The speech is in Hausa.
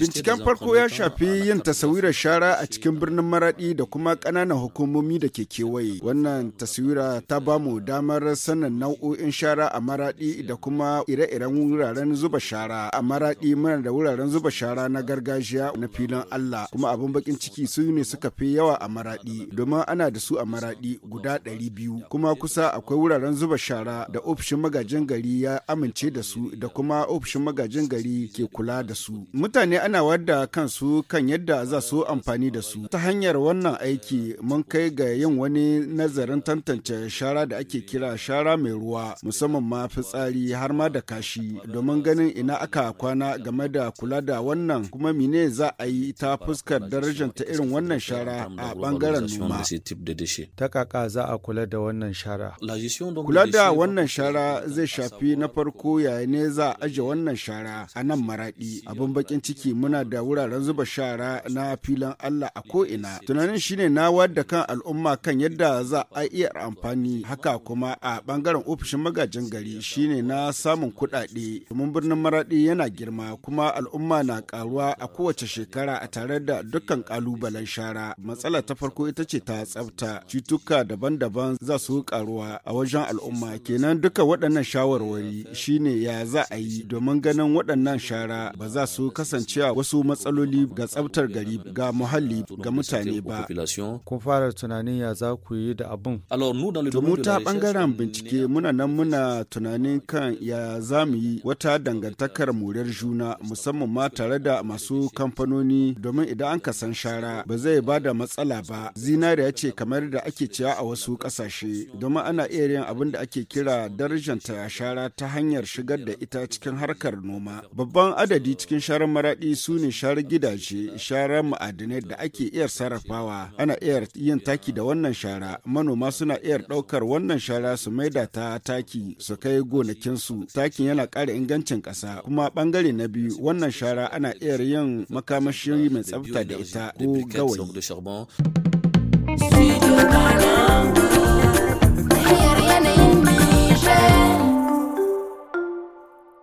Binciken farko ya shafi yin taswirar shara a cikin birnin maraɗi da kuma ƙananan hukumomi da ke kewaye. Wannan taswira ta ba mu damar sanin nau'o'in shara a maraɗi da kuma ire-iren wuraren zuba shara. A Maradi muna da wuraren zuba shara na gargajiya na filin Allah kuma abin bakin ciki su ne suka fi yawa a maraɗi, domin ana da su a maraɗi guda ɗari biyu kuma kusa akwai wuraren zuba shara da ofishin magajin gari ya amince da su da kuma ofishin magajin gari ke kula da su. Mutane ana wadda kansu kan yadda za su amfani da su. Ta hanyar wannan aiki mun kai ga yin wani nazarin tantance shara da ake kira shara mai ruwa musamman ma fitsari har ma da kashi domin ganin ina aka kwana game da kula da wannan kuma mine za a yi ta fuskar darajar ta irin wannan shara a bangaren noma. Ta kaka za a kula da wannan shara. Kula da wannan shara zai shafi na farko yayin ne za a aje wannan shara a nan maraɗi. Abu abin bakin ciki muna da wuraren zuba shara na filin Allah a ko'ina. Tunanin shine na wadda kan al'umma kan yadda za a iya amfani haka kuma a bangaren ofishin magajin gari shine na samun kuɗaɗe. Domin birnin maraɗi yana girma kuma al'umma na karuwa a kowace shekara a tare da dukkan kalubalen shara. Matsala ta farko ita ce ta tsafta. Cutuka daban-daban za su karuwa a wajen al'umma kenan duka waɗannan shawarwari shine ya za a yi domin ganin waɗannan shara ba za su kasance a wasu matsaloli ga tsabtar gari ga muhalli ga mutane ba. Kun fara tunanin ya za ku yi da abin. Domin ta bangaren bincike muna nan muna tunanin kan ya za mu yi wata dangantakar murar juna musamman ma tare da masu kamfanoni domin idan an kasan shara ba zai ba da matsala ba. Zinariya ce kamar da ake cewa a wasu kasashe domin ana iya yin abin da ake kira darajanta shara ta hanyar shigar da ita cikin harkar noma. Babban adadi cikin sharar maraɗi su ne sharar gidaje, sharar ma'adinai da ake iya sarrafawa. Ana iya yin taki da wannan shara. Manoma suna iya ɗaukar wannan shara su maida ta taki su kai gonakinsu. Takin yana ƙara ingancin ƙasa. Kuma ɓangare na biyu wannan shara ana iya yin makamashi mai tsafta da ita ko gawayi.